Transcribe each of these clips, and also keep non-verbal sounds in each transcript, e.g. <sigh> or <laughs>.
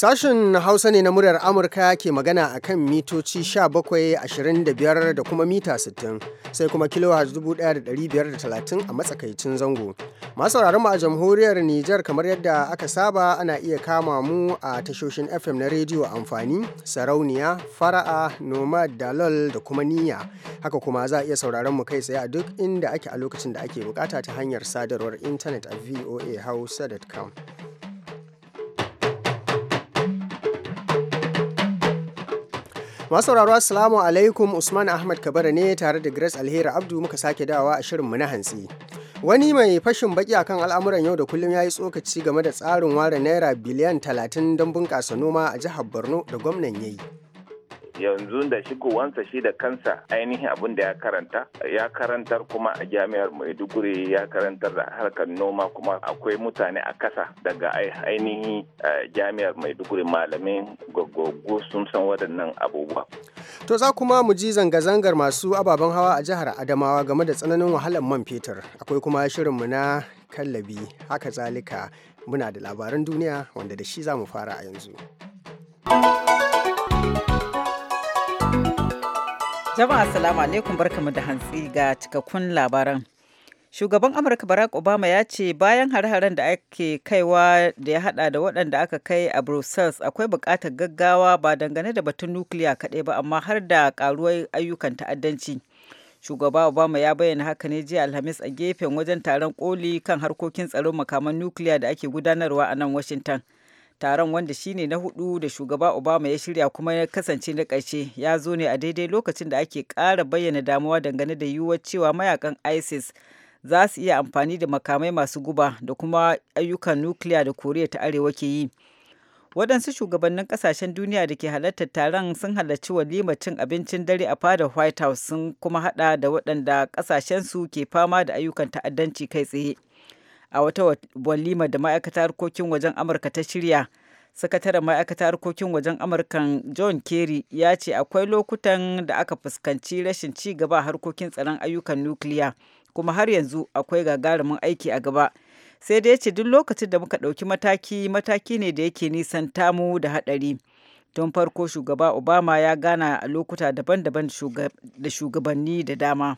Sashen Hausa ne na muryar Amurka ke magana a kan mitoci 17,25 da kuma mita 60 sai kuma kilohertz 1,530 a matsakaicin zango. Masu mu a jamhuriyar Nijar kamar yadda aka saba ana iya kama mu a tashoshin FM na rediyo amfani, sarauniya, fara'a, nomad, dalol da kuma niyya. Haka kuma za a iya sauraron mu kai tsaye a duk inda ake a lokacin da ake bukata ta hanyar sadarwar intanet a voahausa.com. Masu sauraro assalamu alaikum usman ahmad kabara ne tare da grace alheri abdu muka sake dawa a shirin mu na hantsi wani mai fashin baki akan al'amuran yau da kullum ya yi tsokaci game da tsarin ware naira biliyan 30 don bunƙasa noma a jihar borno da gwamnan ya yi yanzu da shigowansa shi da kansa ainihin abin da ya karanta ya karantar kuma a jami'ar maiduguri ya karantar da harkar noma kuma akwai mutane a kasa daga ainihin eh, jami'ar maiduguri malamin goggogu sun san waɗannan abubuwa to za kuma mu ji zanga-zangar masu ababen hawa a jihar adamawa game da tsananin wahalar man fetur akwai kuma shirinmu na kallabi haka zalika muna da labaran duniya wanda da shi za mu fara a yanzu. Jama'a salamu alaikum barkamu da hantsi ga cikakkun labaran. Shugaban Amurka Barack Obama ya ce bayan har-haren da ake kaiwa da ya hada da waɗanda aka kai a Brussels akwai buƙatar gaggawa ba dangane da batun nukiliya kaɗai ba amma har da ƙaruwar ayyukan ta'addanci. Shugaba Obama ya bayyana haka ne jiya Alhamis a gefen wajen taron koli kan harkokin tsaron makaman nukiliya da ake gudanarwa a nan Washington. taron wanda shine na hudu da shugaba obama ya shirya kuma ya kasance na ƙarshe ya zo ne a daidai lokacin da ake ƙara bayyana damuwa dangane da yiwuwar cewa mayakan isis za su iya amfani da makamai masu guba da kuma ayyukan nukiliya da koriya ta arewa ke yi waɗansu shugabannin kasashen duniya da ke halartar taron sun halarci walimar cin abincin dare a fadar white house sun kuma hada da waɗanda ƙasashensu ke fama da ayyukan ta'addanci kai tsaye a wata walima da ma'aikatar harkokin wajen amurka ta shirya sakataren ma'aikatar harkokin wajen amurka john kerry ya ce akwai lokutan da aka fuskanci rashin ci gaba a harkokin tsaron ayyukan nukiliya kuma har yanzu akwai gagarumin aiki a gaba sai dai ce duk lokacin da muka ɗauki mataki mataki ne da yake nisan tamu da haɗari tun farko shugaba obama ya gana a lokuta daban-daban da shugabanni da dama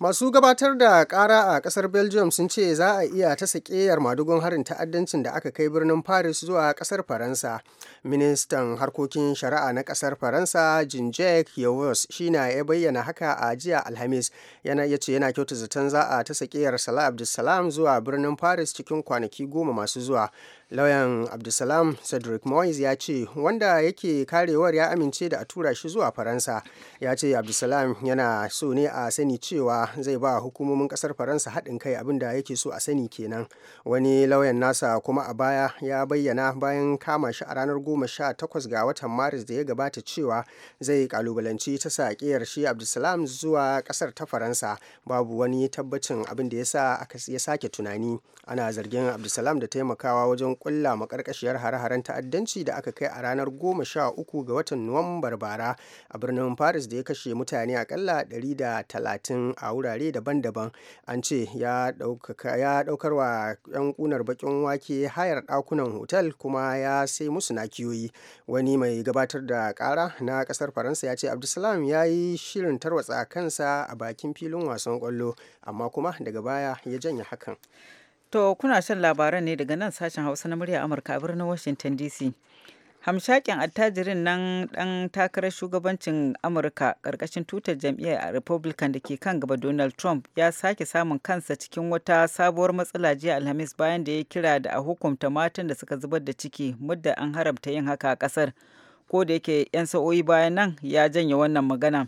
masu gabatar da kara a kasar belgium sun ce za a iya ta ƙeyar madugun harin ta'addancin da aka kai birnin paris zuwa kasar faransa ministan harkokin shari'a na kasar faransa jean jacques yawos shi na ya bayyana haka a jiya alhamis yana ya ce yana kyauta zaton za a ta yar salah abdulsalam zuwa birnin paris cikin kwanaki goma masu zuwa lauyan abdulsalam cedric moyes ya ce wanda yake karewar ya amince da a tura shi zuwa faransa ya ce abdulsalam yana so ne a sani cewa zai ba hukumomin kasar faransa haɗin kai abinda yake so a sani kenan wani lauyan nasa kuma a baya ya bayyana bayan kama shi a ranar goma sha 18 ga watan maris da ya gabata cewa zai kalubalanci ta saƙiyar shi abdulsalam zuwa kasar ta faransa babu wani tabbacin abin da ya sa ya sake tunani ana zargin abdulsalam da taimakawa wajen kulla makarkashiyar hare-haren ta'addanci da aka kai a ranar 13 ga watan Nuwambar bara a birnin Paris da ya kashe mutane akalla 130 a wurare daban-daban. An ce ya daukar wa 'yan kunar bakin wake hayar dakunan hotel kuma ya sai musu nakiyoyi. Wani mai gabatar da kara na kasar Faransa ya ce Abdulsalam ya yi shirin tarwatsa kansa a bakin filin wasan kwallo amma kuma daga baya ya janye hakan. To kuna shan labaran ne daga nan sashen Hausa na murya Amurka a birnin Washington DC. Hamshakin attajirin nan dan takarar shugabancin Amurka karkashin tutar jam'iyyar Republican da ke kan gaba Donald Trump ya sake samun kansa cikin wata sabuwar matsala jiya Alhamis bayan da ya kira da a hukunta matan da suka zubar da ciki mudda an haramta yin haka a kasar Ko da yake 'yan sa'o'i bayan nan ya janye wannan magana.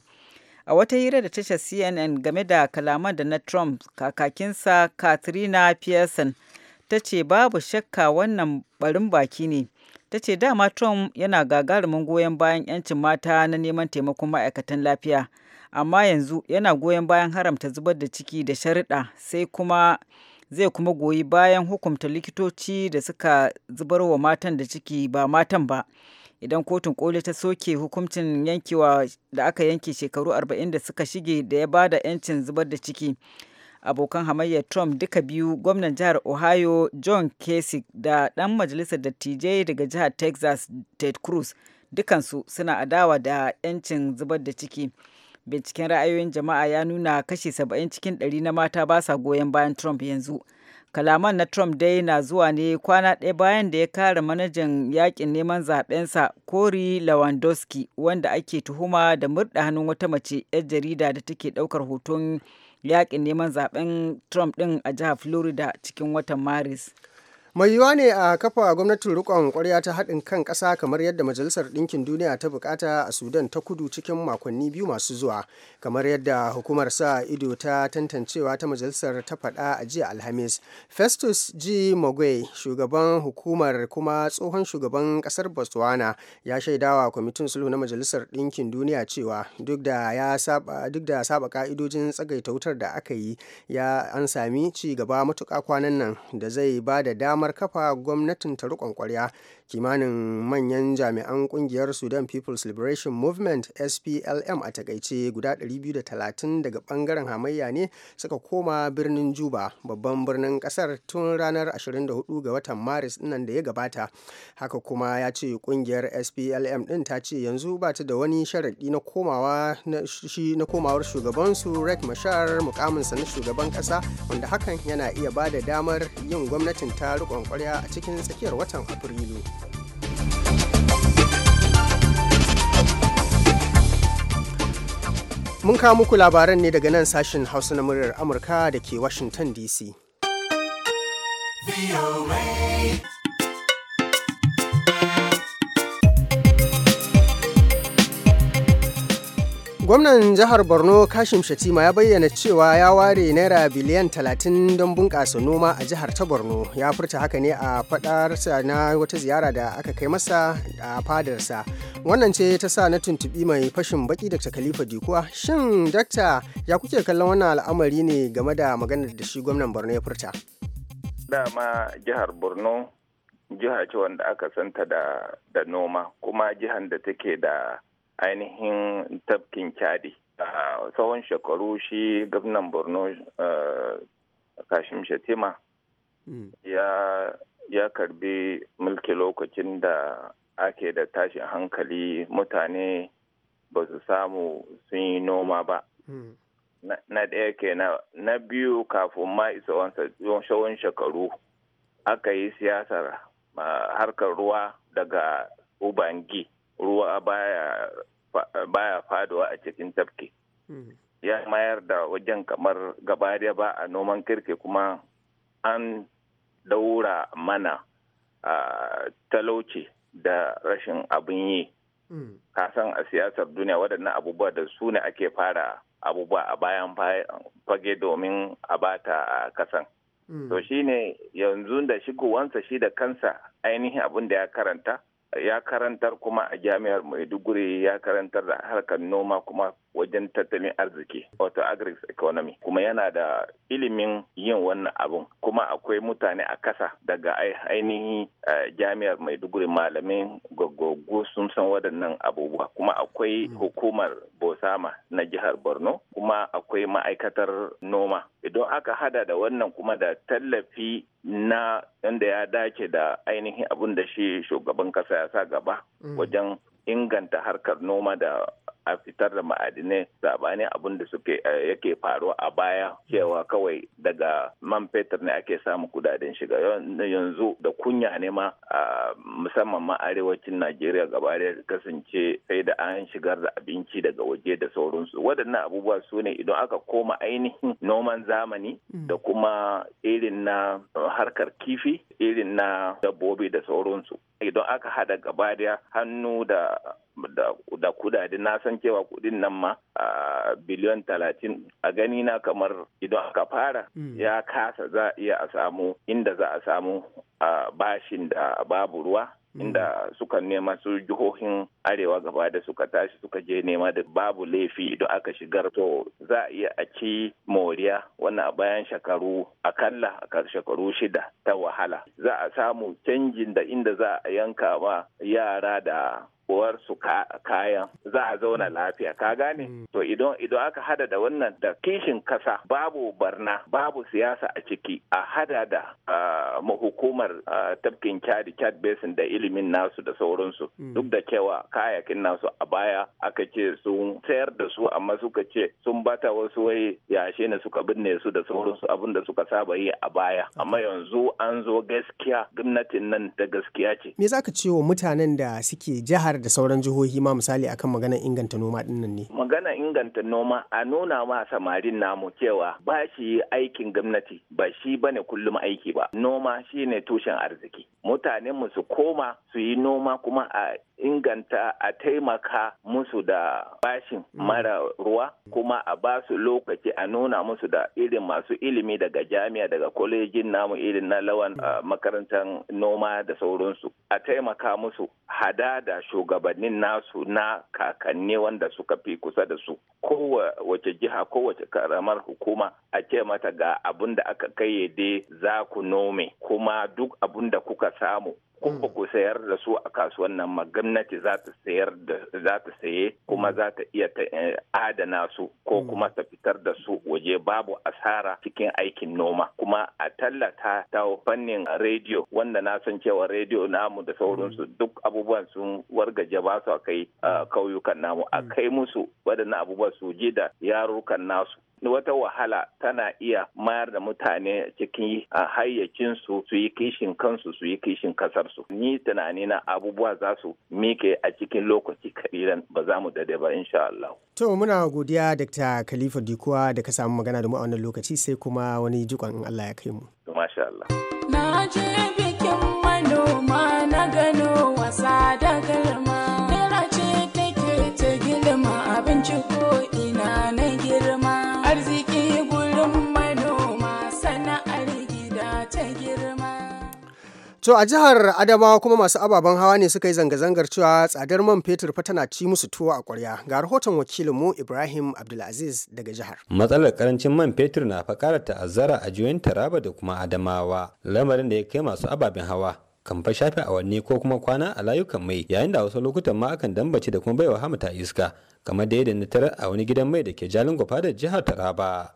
a wata hira da tashar cnn game da kalaman da na trump kakakinsa katrina pearson ta ce babu shakka wannan barin baki ne ta ce dama trump yana gagarumin goyon bayan 'yancin mata na neman taimakon ma'aikatan lafiya amma yanzu yana goyon bayan haramta zubar da ciki da shariɗa sai kuma zai kuma goyi bayan hukumta likitoci da suka zubar wa matan da ciki ba matan ba idan kotun koli ta soke hukuncin yankewa da aka yanke shekaru 40 da suka shige da ya bada 'yancin zubar da ciki abokan hamayyar trump duka biyu gwamnan jihar ohio john kasich da dan majalisar dattijai daga jihar texas ted cruz dukansu suna adawa da 'yancin zubar da ciki binciken ra'ayoyin jama'a ya nuna kashi 70 cikin 100 na mata ba sa goyon bayan trump yanzu kalaman na trump dai na zuwa ne kwana ɗaya bayan da ya kare manajan yakin neman zaɓensa kori lewandowski wanda ake tuhuma da murda hannun wata mace 'yar jarida da take ɗaukar hoton yakin neman zaɓen trump ɗin a jihar florida cikin watan maris mai yiwuwa ne a kafa gwamnatin rikon kwarya ta haɗin kan ƙasa kamar yadda majalisar ɗinkin duniya ta bukata a sudan ta kudu cikin makonni biyu masu zuwa kamar yadda hukumar sa ido ta tantancewa ta majalisar ta faɗa a jiya alhamis festus g mogwai shugaban hukumar kuma tsohon shugaban ƙasar botswana ya shaidawa kwamitin sulhu na majalisar ɗinkin duniya cewa duk da ya saba duk da saba ka'idojin tsagaita wutar da aka yi ya an sami ci gaba matuƙa kwanan nan da zai ba da dama damar kafa gwamnatin ta riƙon ƙwarya kimanin manyan jami'an kungiyar sudan people's liberation movement splm a takaice guda 230 daga bangaren hamayya ne suka koma birnin juba babban birnin kasar tun ranar 24 ga watan maris dinnan da ya gabata haka kuma ya ce kungiyar splm din ta ce yanzu ba ta da wani sharaɗi na komawa komawar shugabansu rek mashar mukaminsa na shugaban ƙasa wanda hakan yana iya ba da damar yin gwamnatin ta riƙon kwarya a cikin tsakiyar watan afrilu Mun kawo muku labaran ne daga nan sashen Hausa na muryar Amurka da ke Washington DC. Gwamnan jihar Borno Kashim Shatima ya bayyana cewa ya ware naira biliyan 30 don bunƙasa noma a jihar ta Borno. Ya furta haka ne a fadarsa na wata ziyara da aka kai masa a fadarsa. Wannan ce ta sa na tuntubi mai fashin baki Dr. Khalifa Dikuwa. Shin dakta ya kuke kallon wannan al'amari ne game da maganar da shi gwamnan Borno ya furta? Dama jihar Borno jiha ce wanda aka santa da, da noma kuma jihar da take da ainihin tafkin kyadi tsawon shekaru shi gamnan borno kashim shatima hmm. ya karbi mulki lokacin da ake da tashin hankali mutane ba su samu sun yi noma ba hmm. na ɗaya kenan na biyu kafin ma isa wancan shekaru aka yi siyasar harkar ruwa daga ubangi ruwa baya faduwa a cikin tafki hmm. ya mayar da wajen kamar gaba ba a noman kirke kuma an daura mana a talauci da rashin abin yi hmm. kasan a siyasar duniya waɗannan abubuwa da su ne ake fara abubuwa a bayan fage domin a bata a kasan hmm. to shine yanzu da shigowansa shi da kansa ainihin abin da ya karanta ya karantar kuma a jami'ar maiduguri ya karantar da harkar noma kuma wajen tattalin arziki wato economy kuma yana da ilimin yin wannan abun kuma akwai mutane a kasa daga ainihin eh, jami'ar maiduguri malamin goggogu sun san waɗannan abubuwa kuma akwai mm. hukumar bosama na jihar borno kuma akwai ma'aikatar noma idan aka hada da wannan kuma da tallafi na inda ya dace da ainihin abun da shi shugaban kasa ya sa gaba mm. wajen inganta harkar noma da a fitar da ma'adinai sabanin abin da suke eh, yake faruwa a baya cewa kawai daga man fetur ne ake samu kudaden shiga yanzu da kunya ne ma musamman ma arewacin najeriya gaba kasance sai da an shigar da abinci daga waje da sauransu waɗannan abubuwa su ne idan aka koma ainihin noman zamani mm. da kuma irin na harkar kifi irin na dabbobi da sauransu idan aka hada gaba hannu da da kudade na san cewa kudin nan ma a biliyon talatin a gani na kamar idan aka fara hmm. ya kasa za a iya a samu inda za a samu bashin da babu ruwa hmm. inda suka nema su jihohin arewa gaba da suka tashi suka je nema da babu laifi idan aka shigar to za a iya a ci moriya wannan bayan shekaru akalla a shekaru shida ta wahala za a samu canjin da inda za a yanka ma yara da uwar su kayan za a zauna lafiya ka gane mm. to idan idan aka hada da wannan da kishin kasa babu barna babu siyasa a ciki a hada da mahukumar tafkin chad chad basin da ilimin nasu da sauransu mm. duk da cewa kayakin nasu a baya aka ce sun sayar da su amma suka ce sun bata wasu wai yashe ne suka binne su da sauransu abin da suka saba yi a baya amma yanzu an zo gaskiya gwamnatin nan ta gaskiya ce me zaka ce wa mutanen da suke jihar jihar da sauran jihohi ma misali akan maganar inganta noma dinnan ne magana inganta noma a nuna ma samarin namu cewa ba shi aikin gwamnati ba shi bane kullum aiki ba noma shine tushen arziki mutane su koma su yi noma kuma a inganta a taimaka musu da bashin mm. mara ruwa kuma a ba su lokaci a nuna musu da irin masu ilimi daga jami'a daga kwalejin namu irin na lawan mm. makarantar noma da sauransu a taimaka musu hada da shugabannin nasu na kakanni wanda suka fi kusa da su kowace jiha kowace karamar hukuma a ce mata ga abun da aka kayyade za ku nome kuma duk abun da kuka samu kun ba mm. ku sayar da su a kasuwan nan ma gwamnati za ta sayar da za ta saye kuma mm. za ta iya ta eh, adana su ko mm. kuma ta fitar da su waje babu asara cikin aikin noma kuma a tallata ta fannin rediyo wanda na san cewa rediyo namu da sauransu duk abubuwan sun wargaje ba su a kai kauyukan namu a kai musu waɗannan abubuwan su je da yarukan nasu wata wahala tana iya mayar da mutane cikin hayyacinsu su yi kishin kansu su yi kishin kasarsu ni tunani na abubuwa za su mike a cikin lokaci kariran ba za mu dade ba insha Allah to muna godiya Dr. Khalifa Dikuwa da ka samu magana da mu a wannan lokaci sai kuma wani jikon in Allah ya kai mu masha Allah na je bikin manoma na gano wasa da kalma To a jihar Adamawa kuma masu ababen hawa ne suka yi zanga-zangar cewa tsadar man fetur fa tana ci musu tuwo a ƙwarya. Ga rahoton wakilinmu Ibrahim Abdulaziz daga jihar. Matsalar karancin man fetur na fa ƙara ta'azzara a juyin Taraba da kuma Adamawa, lamarin da ya kai masu ababen hawa kan fa shafe awanni ko kuma kwana a layukan mai yayin da wasu lokutan ma akan dambace da kuma baiwa hamata iska kamar da yadda na tarar a wani gidan mai da ke Jalin da jihar Taraba.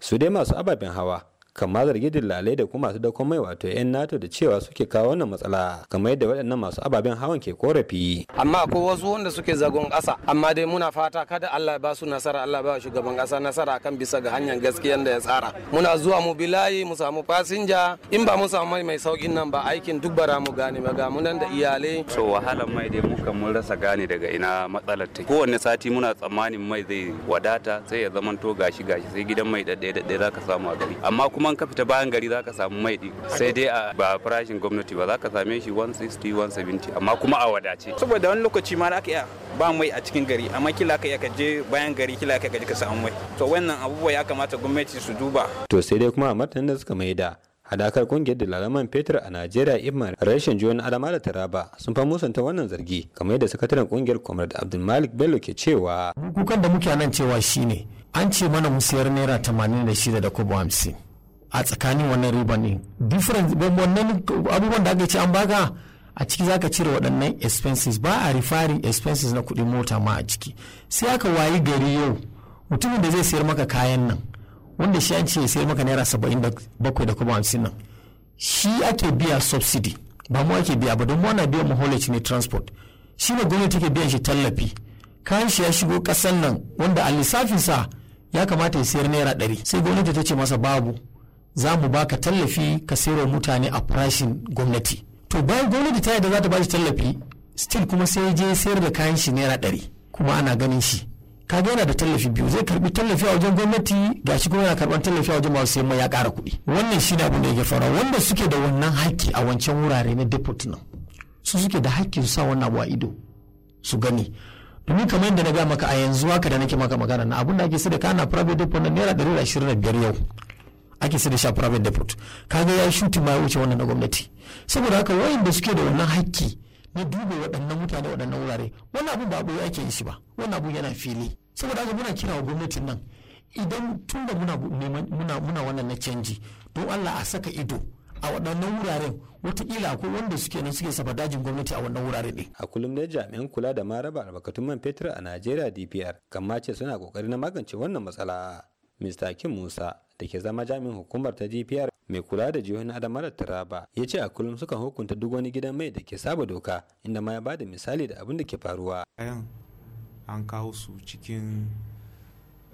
Su dai masu ababen hawa kama zargi dillale da kuma masu dakon mai wato 'yan nato da cewa suke kawo wannan matsala kamar yadda waɗannan masu ababen hawan ke korafi amma ko wasu wanda suke zagon ƙasa amma dai muna fata kada Allah ba su nasara Allah ba shugaban ƙasa nasara kan bisa ga hanyar gaskiya da ya tsara muna zuwa mu bilayi mu samu fasinja in ba mu samu mai mai saukin nan ba aikin duk bara mu gane ba ga munan da iyalai so wahalan mai dai muka mun rasa gane daga ina matsalar ta kowanne sati muna tsammanin mai zai wadata sai ya zamanto gashi gashi sai gidan mai daɗaya daɗaya za ka samu a gari amma kuma ka fita bayan gari za ka samu mai ɗi sai dai a ba farashin gwamnati ba za ka same shi 160 170 amma kuma a wadace saboda wani lokaci ma aka iya ba mai a cikin gari amma kila ka ka je bayan gari kila ka ka samu mai to wannan abubuwa ya kamata gwamnati su duba to sai dai kuma a martanin da suka da hadakar kungiyar dalaman fetur a najeriya imar rashin juyon adama da taraba sun fama musanta wannan zargi kamar yadda sakataren kungiyar comrade abdulmalik bello ke cewa kukan da muke nan cewa shine an ce mana mu sayar naira 86 da kobo 50 a tsakanin wannan riba ne difference wannan abubuwan da aka ce an baka a ciki zaka cire waɗannan expenses ba a refari expenses na kuɗin mota ma a ciki sai aka wayi gari yau mutumin da zai sayar maka kayan nan wanda shi an ce ya sayar maka naira saba'in da bakwai da kuma hamsin nan shi ake biya subsidy ba mu ake biya ba don mu ana biyan haulage ne transport shi ne gwamnati take biyan shi tallafi kayan shi ya shigo kasan nan wanda a lissafinsa ya kamata ya sayar naira ɗari sai gwamnati ta ce masa babu za mu baka tallafi ka sayarwa mutane a farashin gwamnati to bayan gwamnati ta yadda za ta bashi tallafi still kuma sai je sayar da kayan shi naira ɗari kuma ana ganin shi ka yana da tallafi biyu zai karbi tallafi a wajen gwamnati Ga shi kuma yana karban tallafi a wajen masu sayan mai ya ƙara kuɗi wannan shi abin da yake faruwa wanda suke da wannan haƙƙi a wancan wurare na deport nan su suke da haƙƙi su sa wannan abu a ido su gani domin kamar yadda na ga maka a yanzu haka da nake maka magana na abin da ake sai da kana private deport na naira ɗari da ashirin da biyar yau ake sai da shi a private deport kaga ya shuti ma wuce wannan na gwamnati saboda haka wayanda suke da wannan hakki na duba waɗannan mutane waɗannan wurare wannan abun ba ɓoye ake yi shi ba wannan abu yana fili saboda haka muna kira wa gwamnatin nan idan tun da muna muna muna wannan na canji don Allah a saka ido a waɗannan wuraren watakila akwai wanda suke nan suke saba dajin gwamnati a wannan wurare ne. A kullum dai jami'an kula da maraba albarkatun man fetur a Najeriya DPR kan ce suna kokari na magance wannan matsala. Mr. Kim Musa da ke zama jami'in hukumar ta DPR mai kula da jihohin Adamawa Taraba ya ce a kullum sukan hukunta duk wani gidan mai da ke saba doka inda ma ya ba da misali da abin da ke faruwa. Kayan an kawo su cikin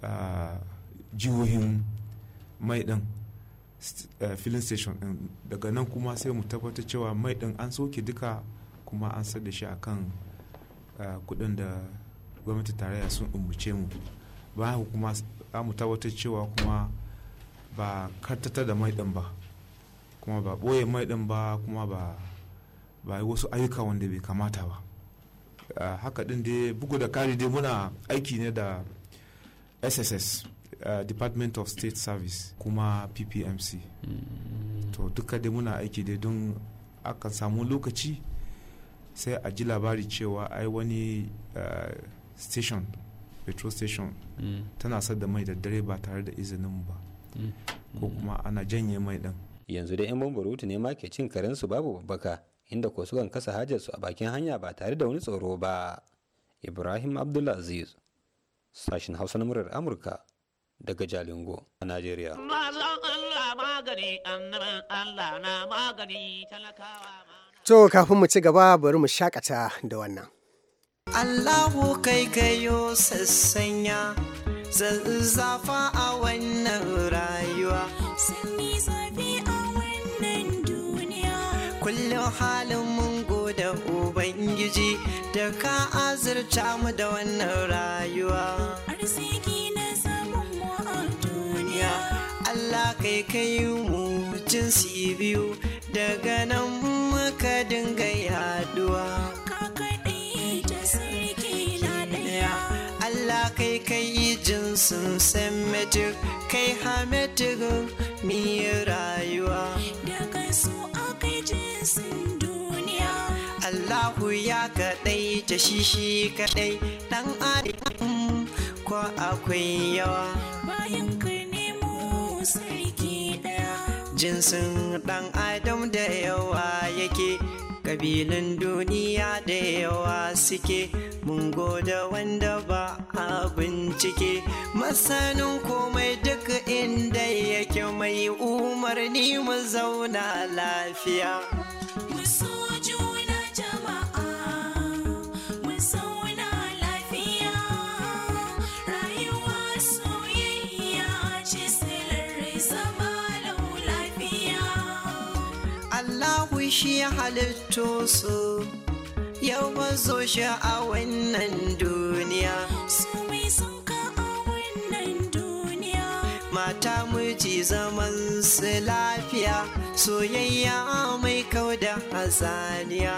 ah, jihohin mai ɗin eh, filin station ɗin daga nan kuma sai mu tabbatar cewa mai ɗin an soke duka kuma an sa da shi a kan ah, kuɗin da gwamnati tarayya sun umbuce mu ba kuma za mu tabbatar cewa kuma ba kartata da mai ɗin ba kuma ba ɓoye mai ɗin ba kuma ba ba wasu ayyuka wanda bai kamata ba haka ɗin dai bugu da kari dai muna aiki ne da sss department of state service kuma ppmc mm. to duka dai muna aiki dai don aka samu lokaci sai a ji labari cewa ai wani station petrol station mm. tana sadda mai da dare ba tare da izinin ba mm. ko kuma ana janye mai din yanzu dai 'yan bambarutu ne ma ke cin karen su babu babbaka inda ko sukan kasa su a bakin hanya ba tare da wani tsoro ba ibrahim abdulaziz sashen hausa na murar amurka daga jalingo a nigeria to kafin mu ci gaba bari mu shakata da wannan Allahu kai gayo sassanya zafa a wannan rayuwa. Sami zafi a wannan duniya. Kullum halin mun gode Ubangiji da ka azurta mu da wannan rayuwa. Arziki na samun mu a duniya. Allah kai kai mu jinsi biyu daga nan muka dinga yaduwa. sun san metir kai hametir mi rayuwa daga su aka jinsin duniya Allahu ya kaɗai ta shishi kaɗai ɗan adam ko akwai yawa bayan ka nemo sarki ɗaya jinsin ɗan adam da yawa yake ƙabilun duniya da yawa suke mun goda wanda ba a bincike masanin komai duk inda yake mai umarni mu zauna lafiya. shi halitto su yau zo shi a wannan duniya mata miji zaman su lafiya soyayya mai kau da hazaniya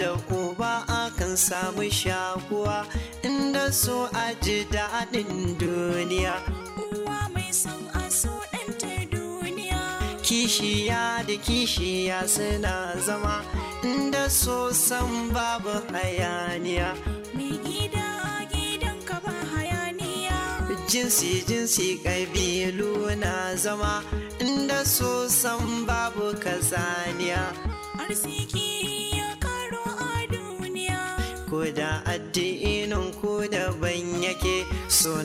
da uba akan samu shakuwa inda so a ji daɗin duniya uwa mai son a so kishiya da kishiya suna zama inda so san babu hayaniya mai gida gidanka ba hayaniya jinsi jinsi ƙabilu na zama inda so san babu kazaniya arziki ya karo a duniya ko da addinin ko da ban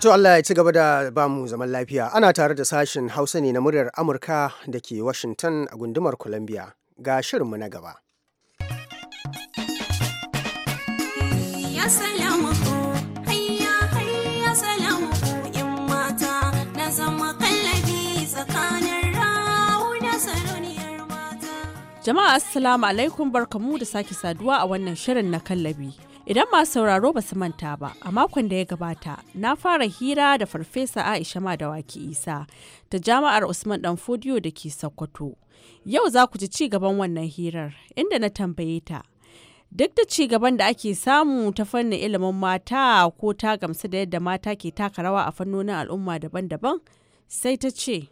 To Allah ya ci gaba da ba mu zaman lafiya. Ana tare da sashen Hausa ne na muryar Amurka da ke Washington a gundumar Columbia. Ga shirinmu na gaba. Jama'a Assalamu alaikum barkamu da sake saduwa a wannan shirin na kallabi. Idan masu sauraro ba su manta ba, a makon da ya gabata, na fara hira da Farfesa Aisha Madawaki Isa ta Jami'ar Usman Dan Fodiyo da ke Sokoto. Yau za ku ji ci gaban wannan hirar, inda na tambaye ta. Duk da ci gaban da ake samu ta fannin ilimin mata ko ta gamsu da yadda mata ke taka rawa a fannonin al'umma daban-daban, sai ta ce.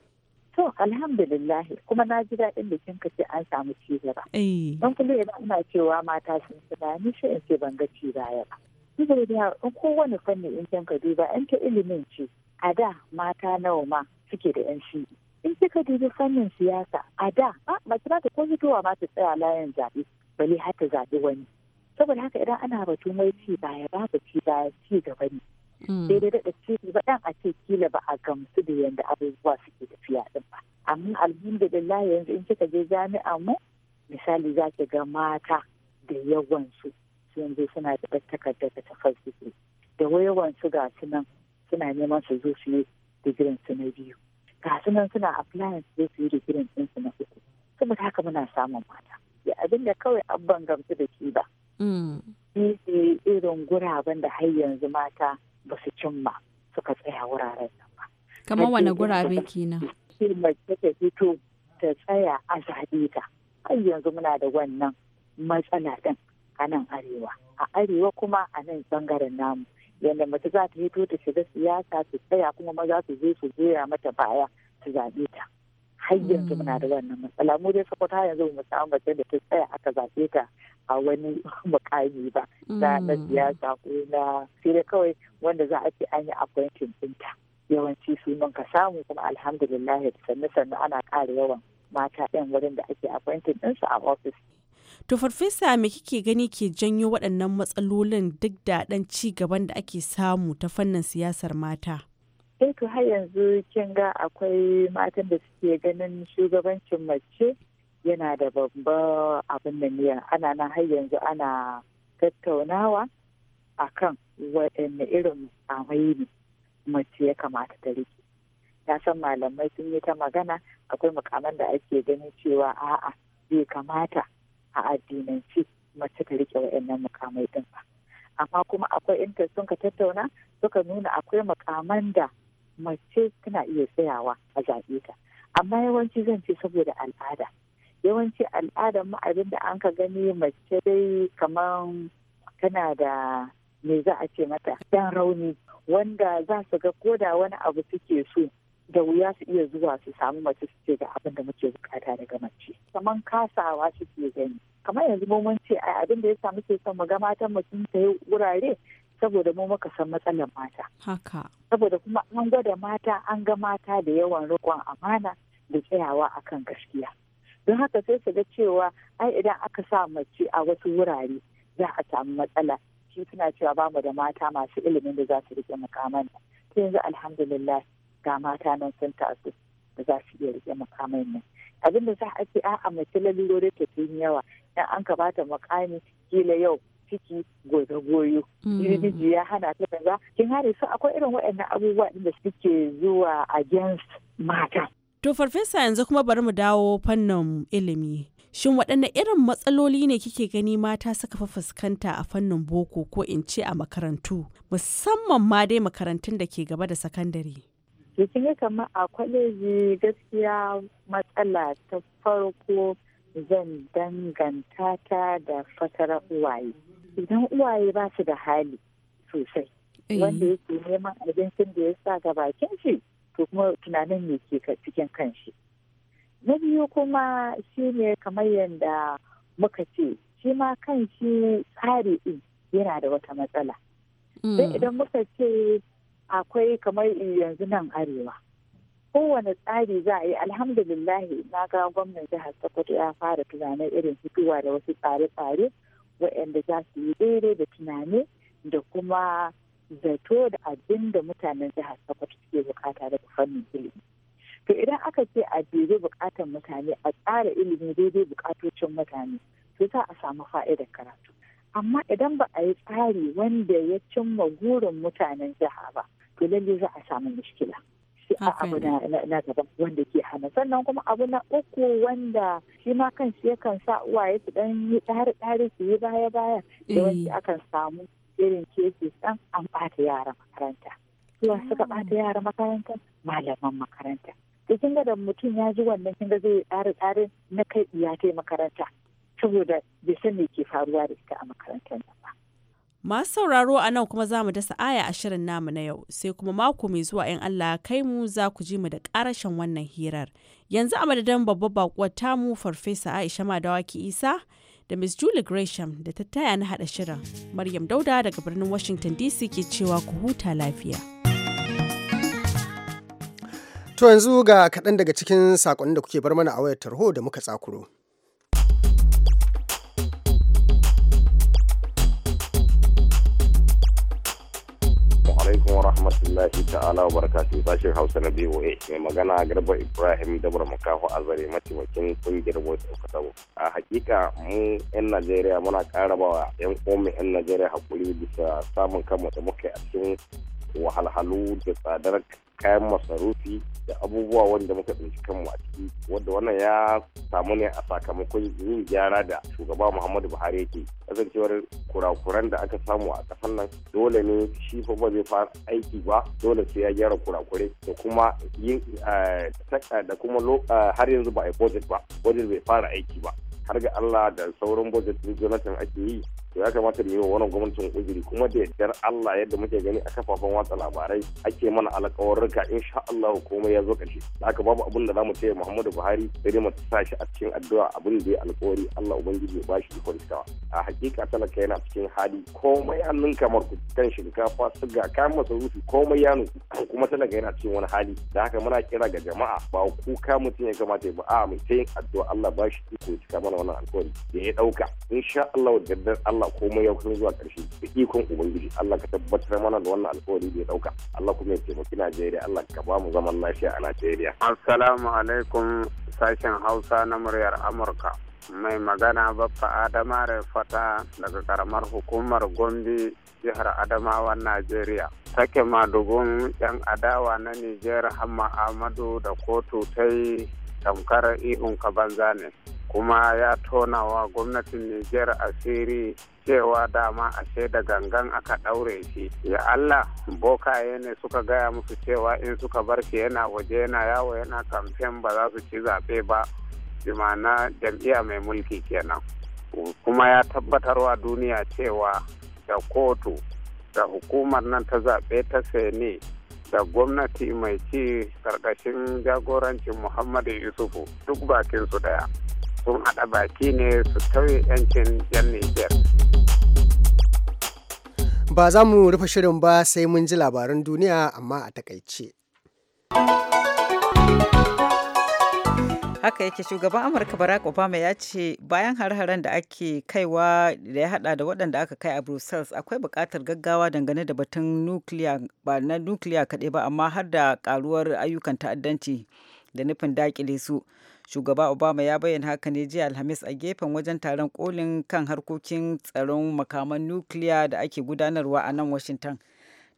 To alhamdulillah kuma na ji daɗin da kinka ce an samu ci gaba. Eh. Don kullum idan ina cewa mata sun suna ni shi in ce ban ga ci baya ba. Saboda in kowane fanni in kin duba an ta ilimin ce a da mata nawa ma suke da yan shi. In kika dubi fannin siyasa a da mace ba ta ko fitowa ma ta tsaya layin zaɓe bali har ta zaɓi wani. Saboda haka idan ana batu mai ci baya babu ci baya ci gaba ne. Daidai mm. da ɗace su ba ɗan ake kila ba a gamsu da yadda abubuwa suke tafiya ɗin ba amma alhamdulillah yanzu in kika je jami'a mu misali za ki ga mata da yawansu yanzu suna da takardar da ta fasiki da su ga su nan suna neman su zo su yi digirin su na biyu ga su nan suna a su zo su yi digirin ɗin su na uku saboda haka muna samun mata ya abin da kawai ban gamsu da ki ba. Ni mm. irin guraben da har yanzu mata ba su cimma suka tsaya wuraren nan ba. Kamar wane gurabe kenan? da ta fito ta tsaya a zaɓe ta. Har yanzu muna da wannan matsala ɗin a nan arewa. A arewa kuma a nan bangaren namu. Yadda mace za ta fito ta shiga siyasa su tsaya kuma maza su je su goya mata baya su zaɓe ta. har yanzu mm. muna da wannan matsala mu dai sakwata yanzu mu samu mace da ta tsaya aka zaɓe ta a wani <laughs> mukami ba na na mm. siyasa ko na sai kawai wanda za a ce an yi appointment ɗinta yawanci sunan ka samu kuma alhamdulillah sannu sannu ana ƙara yawan mata ɗin wurin da ake appointment su a ofis To farfesa me kike gani ke janyo waɗannan matsalolin duk da ɗan ci gaban da ake samu ta fannin siyasar mata? sai eh ka har yanzu kin ga akwai matan da suke ganin shugabancin mace yana da babban abin da niyan ana nan har yanzu ana tattaunawa a kan waɗanne irin amai ne mace ya kamata ta rike na san malamai sun yi ta magana akwai mukaman da ake ganin cewa a'a zai kamata a addinance mace ta rike waɗannan mukamai din ba amma kuma akwai inda sun ka tattauna suka nuna akwai mukaman da mace tana iya tsayawa a zaɓe ta amma yawanci zan ce saboda al'ada yawanci al'ada mu abin da an ka gani mace dai kamar tana da me za a ce mata dan rauni wanda za su ga koda wani abu suke so da wuya su iya zuwa su samu mace su ce ga abin da muke bukata daga mace kamar kasawa suke gani kamar yanzu mun ce ai abin da ya samu ke son mu ga matan mu sun sayi wurare saboda mu muka san matsalar mata. Haka. Saboda kuma an gwada mata an ga mata da yawan riƙon amana da tsayawa akan gaskiya. Don haka sai su ga cewa ai idan aka sa mace a wasu wurare za a samu matsala. Shi suna cewa ba mu da mata masu ilimin da za su riƙe mukamanta. Ta yanzu alhamdulillah ga mata nan sun taso da za su iya riƙe mukaman nan. Abin da za a ce a'a mace lalurori ta yawa. Yan an ka bata mukami kila yau ciki goyo mm. ya hana ta kaza kin hari su akwai irin waɗannan abubuwa da suke zuwa against mata to farfesa yanzu kuma bari mu dawo fannin ilimi shin waɗanne irin matsaloli ne kike gani mata suka fi fuskanta a fannin boko ko in ce a makarantu musamman ma dai makarantun da ke gaba da sakandare kin ne kamar a kwaleji gaskiya matsala ta farko zan danganta ta da fatara uwaye idan uwaye ba su da hali sosai eh. wanda yake neman abincin da ya sa ga bakin shi to kuma tunanin me ke cikin kanshi na biyu kuma shi ne kamar yadda muka ce shi ma kan shi tsari din yana da wata matsala don hmm. idan muka ce akwai kamar yanzu nan arewa kowane tsari za a yi alhamdulillahi na ga gwamnan jihar sokoto ya fara tunanin irin fitowa da wasu tsare-tsare waɗanda za su yi daidai da tunani da kuma zato da abin da mutanen jihar Sokoto suke bukata daga fannin ilimi. To idan aka ce a daidai bukatan mutane a tsara ilimi daidai bukatocin mutane to za a samu fa'idar karatu. Amma idan ba a yi tsari wanda ya cimma gurin mutanen jiha ba to lalle za a samu mishkila. a abu na gaban wanda ke hana sannan kuma abu na uku wanda shi ma kan shi yakan sa uwaye su dan yi tsari tsari su yi baya baya da eh. wanda akan samu irin kesi san an bata yara makaranta suwa suka bata ah. yara makaranta malaman makaranta da kinga da mutum ya ji wannan kinga ga zai tsari tsarin na kai iya makaranta saboda bai san me ke faruwa da ita a makarantar ba Masu sauraro a nan kuma za mu dasa aya a shirin namu na yau sai kuma mako mai zuwa ‘yan Allah kai mu za ku ji mu da karashin wannan hirar. Yanzu a madadin babbar bakuwar tamu Farfesa Aisha ki Isa da Miss Julie Gresham da ta taya na haɗa shirin. Maryam Dauda daga birnin Washington DC ke cewa ku huta lafiya. To yanzu ga kaɗan daga cikin saƙonin da kuke bar mana a wayar tarho da muka tsakuro. rahmatullahi ta'ala wa barakatuhu sashen Hausa na BOA mai magana Garba Ibrahim Dabar a zare mataimakin kungiyar Voice of Katabu. A hakika mu 'yan Najeriya muna wa 'yan komai 'yan Najeriya hakuri bisa samun kanmu da muka a cikin wahalhalu da tsadar kayan masarufi da abubuwa wanda muka ɗauki kanmu a ciki wanda wannan ya samu ne a sakamakon yin gyara da shugaba muhammadu buhari yake kasancewar kurakuran da aka samu a ƙasar nan dole ne shi fa ba zai fara aiki ba dole sai ya gyara kurakure da kuma yin eh, da kuma eh, har yanzu ba a budget ba budget bai fara aiki ba har ga allah da sauran budget jonathan ake yi to ya kamata mu yi wa wannan gwamnatin uzuri kuma da yardar Allah yadda muke gani a kafafen watsa labarai ake mana alƙawarruka insha Allah komai ya zo ƙarshe aka babu abin da zamu ce wa Muhammadu Buhari sai dai mu sa shi a cikin addu'a abin da ya alƙawari Allah ubangiji ya bashi ikon cikawa a hakika talaka yana cikin hali komai nun kamar kan shinkafa suga kayan masarufi komai ya nufi kuma talaka yana cikin wani hali da haka muna kira ga jama'a ba kuka mutum ya kamata ba a mai ta yin addu'a Allah bashi ikon cika mana wannan alƙawari da ya ɗauka insha Allah da Allah Allah komai ya kusa zuwa ƙarshe da ikon ubangiji Allah ka tabbatar mana da wannan alƙawari da ya ɗauka Allah kuma ya taimaki Najeriya Allah ka ba mu zaman lafiya a Najeriya. Assalamu alaikum sashen Hausa na muryar Amurka. mai magana baffa adama fata daga karamar hukumar gombe jihar adamawa najeriya sake madugun yan adawa na nijar hamma amadu da kotu ta yi tamkar ka banza ne kuma ya tona wa gwamnatin Nijar asiri cewa dama a da gangan aka ɗaure shi ya Allah bokaye ne suka gaya musu cewa in suka bar shi yana waje yana yawo yana kamfen ba za su ci zaɓe ba jimana jam'iyya mai mulki kenan kuma ya tabbatar wa duniya cewa da kotu da hukumar nan ta zaɓe ta sene da gwamnati mai ci karkashin jagorancin muhammadu yusufu duk bakin su daya sun haɗa baki ne su tauye 'yancin 'yan niger ba za mu rufe shirin ba sai mun ji labaran duniya amma a takaice. haka yake shugaban amurka barack obama ya ce bayan har-haren da ake kaiwa da ya hada da waɗanda aka kai a brussels akwai bukatar gaggawa dangane da batun nukiliya ba na nukiliya kaɗai ba amma har da karuwar ayyukan ta'addanci da nufin dakile su shugaba obama ya bayyana haka ne jiya alhamis a gefen wajen taron kolin kan harkokin tsaron makaman nukiliya da ake gudanarwa a nan washington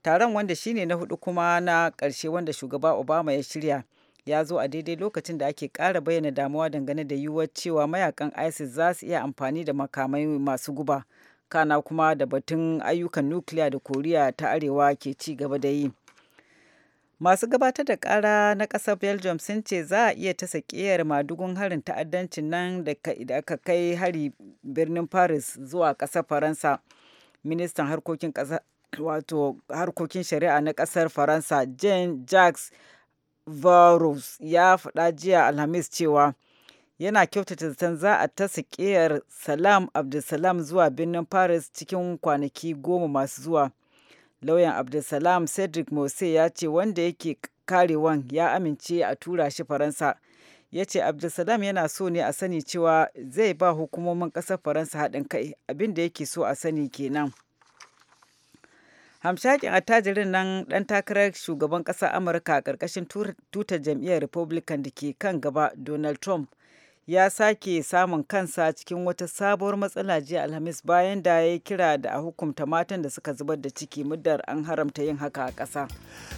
taron wanda shine na hudu kuma na karshe wanda shugaba obama ya shirya ya zo a daidai lokacin da ake ƙara bayyana damuwa dangane da yiwuwar cewa mayakan isis za su iya amfani da makamai masu guba kana kuma da batun ayyukan nukiliya da koriya ta arewa ke ci gaba da yi masu gabatar da kara na ƙasar belgium sun ce za a iya ta sakiyar madugun harin ta'addancin nan da aka kai hari birnin paris zuwa ƙasar faransa ministan harkokin wato harkokin shari'a na ƙasar faransa jean jacques varus ya faɗa jiya Alhamis cewa yana kyautata zaton za a ta sikiyar Salam Abdulsalam zuwa birnin Paris cikin kwanaki goma masu zuwa. Lauyan Abdulsalam Cedric Mose ya ce wanda yake karewan ya amince a tura shi Faransa. Ya ce Abdulsalam yana so ne a sani cewa zai ba hukumomin ƙasar Faransa haɗin kai abinda yake so a sani kenan. hamshakin attajirin nan ɗan takarar shugaban ƙasar amurka a ƙarƙashin tutar jam'iyyar republican da ke kan gaba donald trump ya sake samun kansa cikin wata sabuwar matsala jiya alhamis bayan da ya kira da a hukumta matan da suka zubar da ciki muddar an haramta yin haka a ƙasa.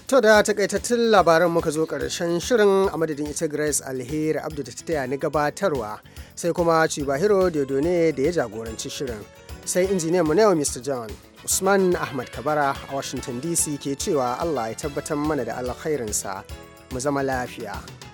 to da takaitattun labaran muka zo ƙarshen shirin a madadin ita grace alheri abdu da ta ni gabatarwa sai kuma cibahiro ne da ya jagoranci shirin sai injiniyan mu na yau mr john Usman Ahmad Kabara a Washington DC ke cewa Allah ya tabbatar mana da alkhairinsa mu zama lafiya.